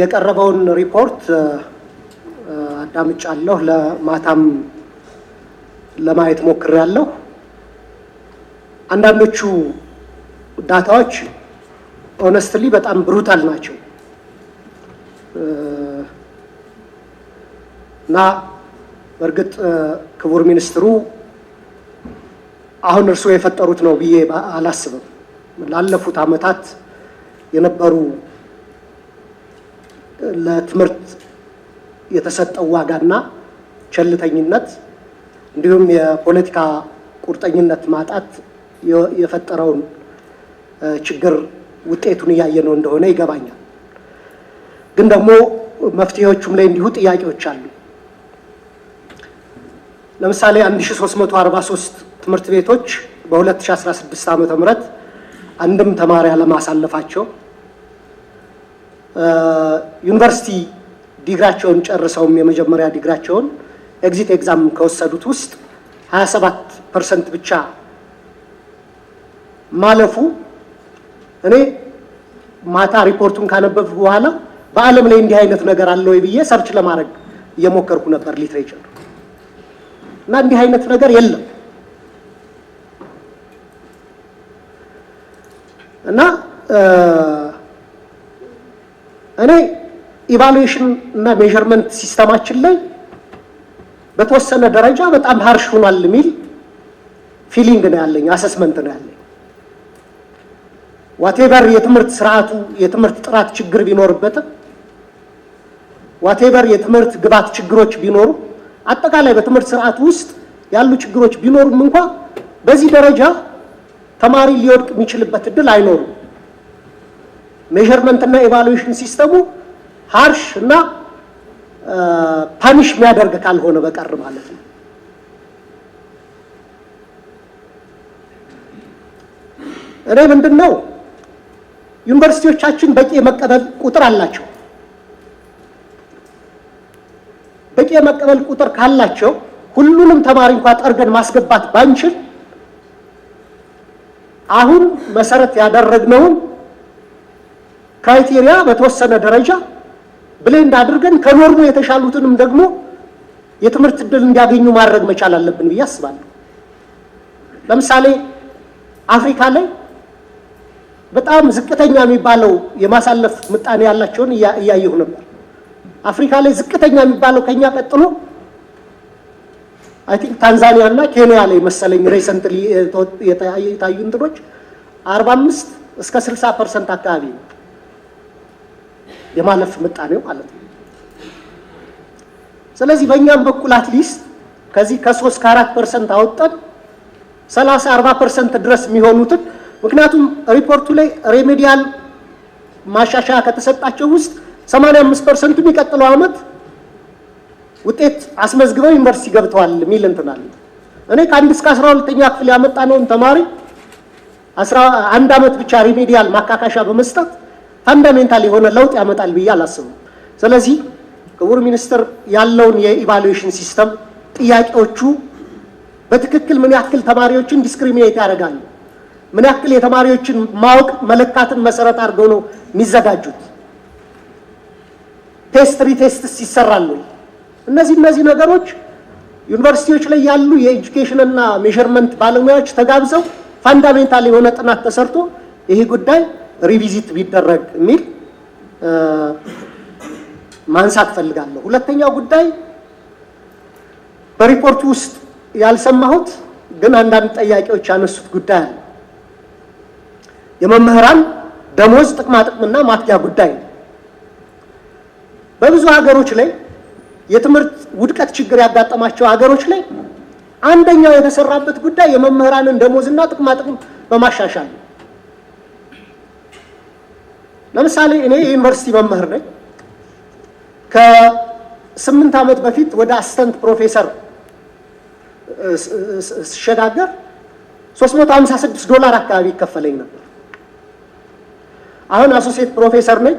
የቀረበውን ሪፖርት አዳምጫለሁ። ለማታም ለማየት ሞክሬያለሁ። አንዳንዶቹ ዳታዎች ኦነስትሊ በጣም ብሩታል ናቸው እና በእርግጥ ክቡር ሚኒስትሩ አሁን እርስዎ የፈጠሩት ነው ብዬ አላስብም። ላለፉት ዓመታት የነበሩ ለትምህርት የተሰጠው ዋጋና ቸልተኝነት እንዲሁም የፖለቲካ ቁርጠኝነት ማጣት የፈጠረውን ችግር ውጤቱን እያየነው እንደሆነ ይገባኛል። ግን ደግሞ መፍትሄዎቹም ላይ እንዲሁ ጥያቄዎች አሉ። ለምሳሌ 1343 ትምህርት ቤቶች በ2016 ዓ.ም አንድም ተማሪ አለማሳለፋቸው ዩኒቨርሲቲ ዲግራቸውን ጨርሰውም የመጀመሪያ ዲግራቸውን ኤግዚት ኤግዛም ከወሰዱት ውስጥ 27 ፐርሰንት ብቻ ማለፉ እኔ ማታ ሪፖርቱን ካነበብ በኋላ በዓለም ላይ እንዲህ አይነት ነገር አለ ወይ ብዬ ሰርች ለማድረግ እየሞከርኩ ነበር ሊትሬቸር እና እንዲህ አይነት ነገር የለም እና እኔ ኢቫሉዌሽን እና ሜዠርመንት ሲስተማችን ላይ በተወሰነ ደረጃ በጣም ሀርሽ ሆኗል የሚል ፊሊንግ ነው ያለኝ፣ አሰስመንት ነው ያለኝ። ዋቴቨር የትምህርት ስርዓቱ የትምህርት ጥራት ችግር ቢኖርበትም ዋቴቨር የትምህርት ግባት ችግሮች ቢኖሩ አጠቃላይ በትምህርት ስርዓቱ ውስጥ ያሉ ችግሮች ቢኖሩም እንኳ በዚህ ደረጃ ተማሪ ሊወድቅ የሚችልበት እድል አይኖሩም። ሜዥርመንት እና ኤቫሉዌሽን ሲስተሙ ሃርሽ እና ፓኒሽ የሚያደርግ ካልሆነ በቀር ማለት ነው። እኔ ምንድን ነው ዩኒቨርሲቲዎቻችን በቂ የመቀበል ቁጥር አላቸው። በቂ የመቀበል ቁጥር ካላቸው ሁሉንም ተማሪ እንኳ ጠርገን ማስገባት ባንችል አሁን መሰረት ያደረግነውን ክራይቴሪያ በተወሰነ ደረጃ ብሌንድ አድርገን ከኖርሙ የተሻሉትንም ደግሞ የትምህርት እድል እንዲያገኙ ማድረግ መቻል አለብን ብዬ አስባለሁ። ለምሳሌ አፍሪካ ላይ በጣም ዝቅተኛ የሚባለው የማሳለፍ ምጣኔ ያላቸውን እያየሁ ነበር። አፍሪካ ላይ ዝቅተኛ የሚባለው ከኛ ቀጥሎ አይ ቲንክ ታንዛኒያ እና ኬንያ ላይ መሰለኝ ሬሰንትሊ የታዩ እንትኖች አምስት እስከ ስልሳ ፐርሰንት አካባቢ ነው። የማለፍ ምጣኔው ማለት ነው። ስለዚህ በእኛም በኩል አትሊስት ከዚህ ከሶስት ከአራት ፐርሰንት አወጣን ሰላሳ አርባ ፐርሰንት ድረስ የሚሆኑትን ምክንያቱም ሪፖርቱ ላይ ሬሜዲያል ማሻሻያ ከተሰጣቸው ውስጥ 85 አምስት ፐርሰንቱ የሚቀጥለው ዓመት ውጤት አስመዝግበው ዩኒቨርሲቲ ገብተዋል የሚል እንትን አለ። እኔ ከአንድ እስከ አስራ ሁለተኛ ክፍል ያመጣነውን ተማሪ አንድ ዓመት ብቻ ሪሜዲያል ማካካሻ በመስጠት ፈንዳሜንታል የሆነ ለውጥ ያመጣል ብዬ አላስብም። ስለዚህ ክቡር ሚኒስትር ያለውን የኢቫሉዌሽን ሲስተም ጥያቄዎቹ በትክክል ምን ያክል ተማሪዎችን ዲስክሪሚኔት ያደርጋሉ፣ ምን ያክል የተማሪዎችን ማወቅ መለካትን መሰረት አድርገው ነው የሚዘጋጁት፣ ቴስት ሪቴስትስ ይሰራሉ። እነዚህ እነዚህ ነገሮች ዩኒቨርሲቲዎች ላይ ያሉ የኤጁኬሽን እና ሜዥርመንት ባለሙያዎች ተጋብዘው ፋንዳሜንታል የሆነ ጥናት ተሰርቶ ይህ ጉዳይ ሪቪዚት ቢደረግ የሚል ማንሳት ፈልጋለሁ። ሁለተኛው ጉዳይ በሪፖርቱ ውስጥ ያልሰማሁት ግን አንዳንድ ጠያቂዎች ያነሱት ጉዳይ አለ። የመምህራን ደሞዝ፣ ጥቅማጥቅምና ማትጊያ ጉዳይ ነው። በብዙ ሀገሮች ላይ የትምህርት ውድቀት ችግር ያጋጠማቸው ሀገሮች ላይ አንደኛው የተሰራበት ጉዳይ የመምህራንን ደሞዝና ጥቅማጥቅም በማሻሻል ነው። ለምሳሌ እኔ የዩኒቨርሲቲ መምህር ነኝ። ከስምንት ዓመት በፊት ወደ አሲስተንት ፕሮፌሰር ስሸጋገር 356 ዶላር አካባቢ ይከፈለኝ ነበር። አሁን አሶሴት ፕሮፌሰር ነኝ።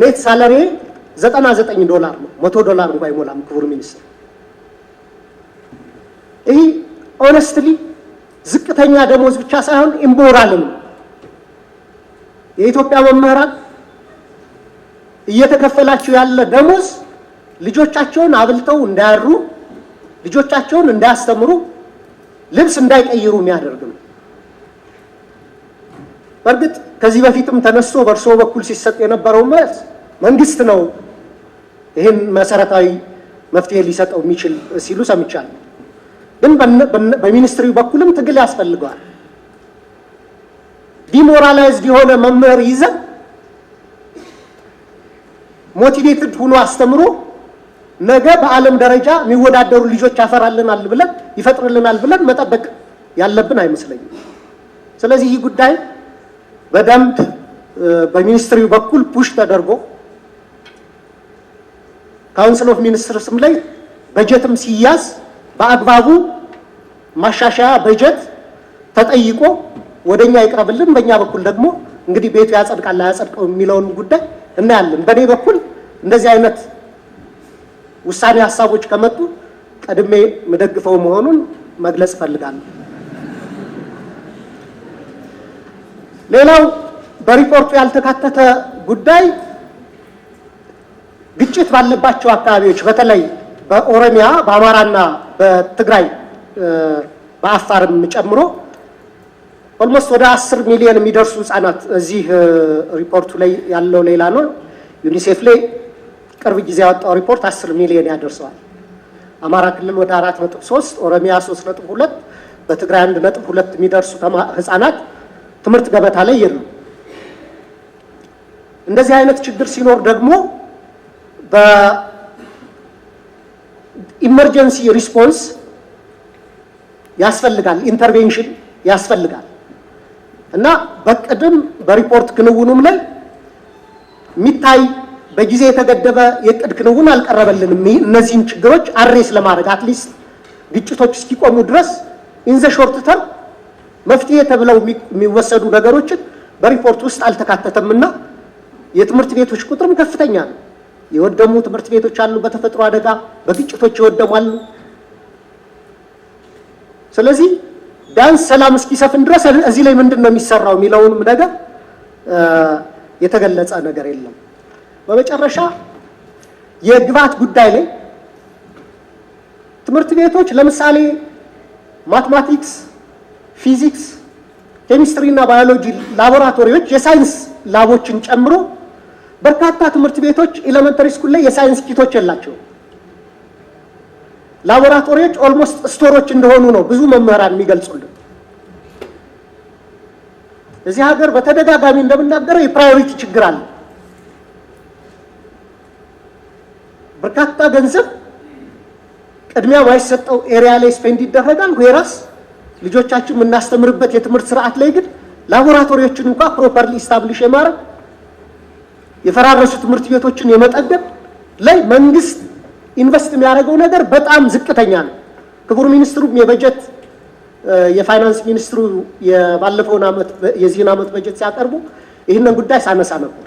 ኔት ሳለሪ 99 ዶላር ነው። 100 ዶላር እንኳ አይሞላም። ክቡር ሚኒስትር፣ ይህ ኦነስትሊ ዝቅተኛ ደሞዝ ብቻ ሳይሆን ኢምቦራልም ነው። የኢትዮጵያ መምህራን እየተከፈላቸው ያለ ደሞዝ ልጆቻቸውን አብልተው እንዳያሩ፣ ልጆቻቸውን እንዳያስተምሩ፣ ልብስ እንዳይቀይሩ የሚያደርግ ነው። በእርግጥ ከዚህ በፊትም ተነስቶ በእርስዎ በኩል ሲሰጥ የነበረው መልስ መንግስት ነው ይህን መሰረታዊ መፍትሄ ሊሰጠው የሚችል ሲሉ ሰምቻለሁ። ግን በሚኒስትሪ በኩልም ትግል ያስፈልገዋል። ዲሞራላይዝድ የሆነ መምህር ይዘ ሞቲቬትድ ሆኖ አስተምሮ ነገ በዓለም ደረጃ የሚወዳደሩ ልጆች ያፈራልናል ብለን ይፈጥርልናል ብለን መጠበቅ ያለብን አይመስለኝም። ስለዚህ ይህ ጉዳይ በደንብ በሚኒስትሪው በኩል ፑሽ ተደርጎ ካውንስል ኦፍ ሚኒስትርስም ላይ በጀትም ሲያዝ በአግባቡ ማሻሻያ በጀት ተጠይቆ ወደኛ ይቅረብልን። በእኛ በኩል ደግሞ እንግዲህ ቤቱ ያጸድቃል አያጸድቀው የሚለውን ጉዳይ እናያለን። በእኔ በኩል እንደዚህ አይነት ውሳኔ ሀሳቦች ከመጡ ቀድሜ የምደግፈው መሆኑን መግለጽ እፈልጋለሁ። ሌላው በሪፖርቱ ያልተካተተ ጉዳይ ግጭት ባለባቸው አካባቢዎች በተለይ በኦሮሚያ፣ በአማራና በትግራይ በአፋርም ጨምሮ ኦልሞስት ወደ አስር ሚሊዮን የሚደርሱ ህጻናት እዚህ ሪፖርቱ ላይ ያለው ሌላ ነው። ዩኒሴፍ ላይ ቅርብ ጊዜ ያወጣው ሪፖርት አስር ሚሊዮን ያደርሰዋል። አማራ ክልል ወደ አራት ነጥብ ሶስት ኦሮሚያ ሶስት ነጥብ ሁለት በትግራይ አንድ ነጥብ ሁለት የሚደርሱ ህጻናት ትምህርት ገበታ ላይ የሉም። እንደዚህ አይነት ችግር ሲኖር ደግሞ በኢመርጀንሲ ሪስፖንስ ያስፈልጋል፣ ኢንተርቬንሽን ያስፈልጋል። እና በቅድም በሪፖርት ክንውኑም ላይ የሚታይ በጊዜ የተገደበ የቅድ ክንውን አልቀረበልንም። እነዚህን ችግሮች አሬስ ለማድረግ አትሊስት ግጭቶች እስኪቆሙ ድረስ ኢንዘ ሾርት ተርም መፍትሄ ተብለው የሚወሰዱ ነገሮችን በሪፖርት ውስጥ አልተካተተም እና የትምህርት ቤቶች ቁጥርም ከፍተኛ ነው። የወደሙ ትምህርት ቤቶች አሉ፣ በተፈጥሮ አደጋ በግጭቶች የወደሙ አሉ። ስለዚህ ቢያንስ ሰላም እስኪሰፍን ድረስ እዚህ ላይ ምንድን ነው የሚሰራው የሚለውንም ነገር የተገለጸ ነገር የለም። በመጨረሻ የግብዓት ጉዳይ ላይ ትምህርት ቤቶች ለምሳሌ ማትማቲክስ፣ ፊዚክስ፣ ኬሚስትሪ እና ባዮሎጂ ላቦራቶሪዎች የሳይንስ ላቦችን ጨምሮ በርካታ ትምህርት ቤቶች ኤሌመንተሪ ስኩል ላይ የሳይንስ ኪቶች የላቸውም። ላቦራቶሪዎች ኦልሞስት ስቶሮች እንደሆኑ ነው ብዙ መምህራን የሚገልጹልን። እዚህ ሀገር በተደጋጋሚ እንደምናገረው የፕራዮሪቲ ችግር አለ። በርካታ ገንዘብ ቅድሚያ ባይሰጠው ኤሪያ ላይ ስፔንድ ይደረጋል። ዌራስ ልጆቻችን የምናስተምርበት የትምህርት ስርዓት ላይ ግን ላቦራቶሪዎችን እንኳ ፕሮፐርሊ ኢስታብሊሽ የማድረግ የፈራረሱ ትምህርት ቤቶችን የመጠገብ ላይ መንግስት ኢንቨስት የሚያደርገው ነገር በጣም ዝቅተኛ ነው። ክቡር ሚኒስትሩ የበጀት የፋይናንስ ሚኒስትሩ የባለፈውን ዓመት የዚህን ዓመት በጀት ሲያቀርቡ ይህንን ጉዳይ ሳነሳ ነበር።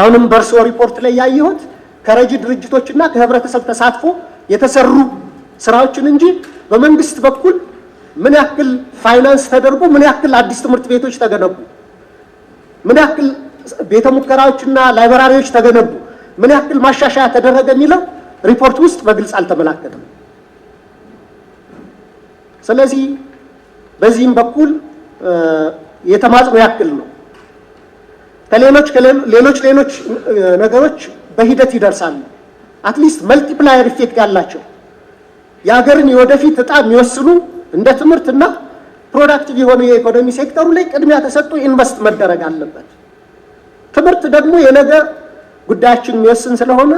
አሁንም በእርስዎ ሪፖርት ላይ ያየሁት ከረጂ ድርጅቶችና ከህብረተሰብ ተሳትፎ የተሰሩ ስራዎችን እንጂ በመንግስት በኩል ምን ያክል ፋይናንስ ተደርጎ ምን ያክል አዲስ ትምህርት ቤቶች ተገነቡ፣ ምን ያክል ቤተ ሙከራዎችና ላይብራሪዎች ተገነቡ ምን ያክል ማሻሻያ ተደረገ የሚለው ሪፖርት ውስጥ በግልጽ አልተመላከተም። ስለዚህ በዚህም በኩል የተማጽኖ ያክል ነው። ከሌሎች ሌሎች ሌሎች ነገሮች በሂደት ይደርሳሉ። አትሊስት መልቲፕላየር ኢፌክት ያላቸው የሀገርን የወደፊት እጣ የሚወስኑ እንደ ትምህርትና ፕሮዳክቲቭ የሆኑ የኢኮኖሚ ሴክተሩ ላይ ቅድሚያ ተሰጥቶ ኢንቨስት መደረግ አለበት። ትምህርት ደግሞ የነገ ጉዳያችን የሚወስን ስለሆነ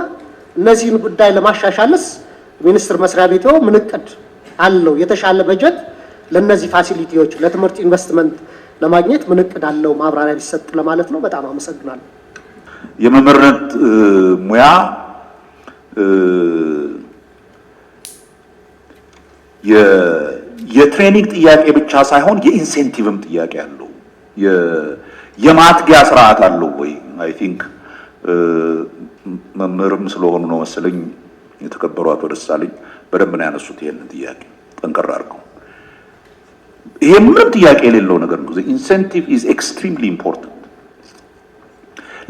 እነዚህን ጉዳይ ለማሻሻልስ ሚኒስቴር መስሪያ ቤቱ ምን እቅድ አለው? የተሻለ በጀት ለእነዚህ ፋሲሊቲዎች ለትምህርት ኢንቨስትመንት ለማግኘት ምን እቅድ አለው? ማብራሪያ ሊሰጥ ለማለት ነው። በጣም አመሰግናለሁ። የመምህርነት ሙያ የትሬኒንግ ጥያቄ ብቻ ሳይሆን የኢንሴንቲቭም ጥያቄ አለው። የማትጊያ ስርዓት አለው ወይ አይ ቲንክ መምህርም ስለሆኑ ነው መሰለኝ የተከበሩ አቶ ደሳለኝ በደንብ ነው ያነሱት ይሄንን ጥያቄ ጠንከር አድርገው። ይሄ ምንም ጥያቄ የሌለው ነገር ነው። ኢንሴንቲቭ ኢዝ ኤክስትሪምሊ ኢምፖርታንት።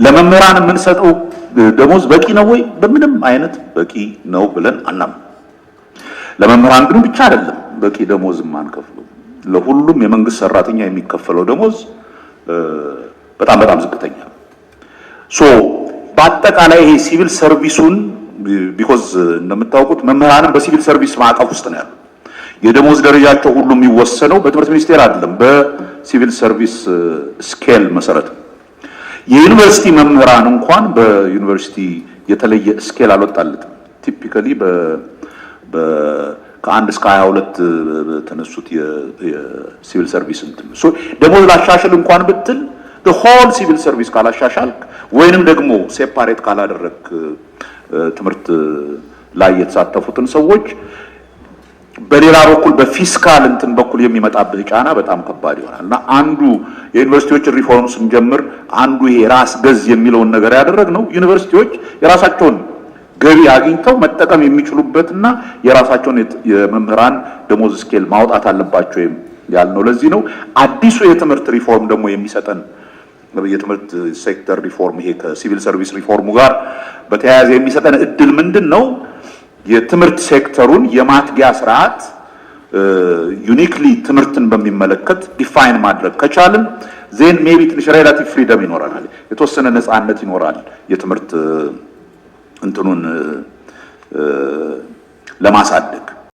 ለመምህራን የምንሰጠው ደሞዝ በቂ ነው ወይ? በምንም አይነት በቂ ነው ብለን አናም። ለመምህራን ግን ብቻ አይደለም በቂ ደሞዝ የማንከፍለው። ለሁሉም የመንግስት ሰራተኛ የሚከፈለው ደሞዝ በጣም በጣም ዝቅተኛ ሶ በአጠቃላይ ይሄ ሲቪል ሰርቪሱን ቢኮዝ እንደምታውቁት መምህራንም በሲቪል ሰርቪስ ማዕቀፍ ውስጥ ነው ያሉ። የደሞዝ ደረጃቸው ሁሉ የሚወሰነው በትምህርት ሚኒስቴር አይደለም፣ በሲቪል ሰርቪስ ስኬል መሰረት። የዩኒቨርሲቲ መምህራን እንኳን በዩኒቨርሲቲ የተለየ ስኬል አልወጣለትም። ቲፒካሊ ከአንድ እስከ 22 ተነሱት የሲቪል ሰርቪስ እንትን ደሞዝ ላሻሽል እንኳን ብትል ሆል ሲቪል ሰርቪስ ካላሻሻል ወይንም ደግሞ ሴፓሬት ካላደረግ ትምህርት ላይ የተሳተፉትን ሰዎች በሌላ በኩል በፊስካል እንትን በኩል የሚመጣበት ጫና በጣም ከባድ ይሆናል እና አንዱ የዩኒቨርሲቲዎችን ሪፎርም ስንጀምር አንዱ ይሄ ራስ ገዝ የሚለውን ነገር ያደረግ ነው ዩኒቨርሲቲዎች የራሳቸውን ገቢ አግኝተው መጠቀም የሚችሉበትና የራሳቸውን የመምህራን ደሞዝ ስኬል ማውጣት አለባቸው ያልነው ለዚህ ነው። አዲሱ የትምህርት ሪፎርም ደግሞ የሚሰጠን የትምህርት ሴክተር ሪፎርም ይሄ ከሲቪል ሰርቪስ ሪፎርሙ ጋር በተያያዘ የሚሰጠን እድል ምንድን ነው? የትምህርት ሴክተሩን የማትጊያ ስርዓት ዩኒክሊ ትምህርትን በሚመለከት ዲፋይን ማድረግ ከቻልን ዜን ሜቢ ትንሽ ሬላቲቭ ፍሪደም ይኖረናል። የተወሰነ ነፃነት ይኖራል። የትምህርት እንትኑን ለማሳደግ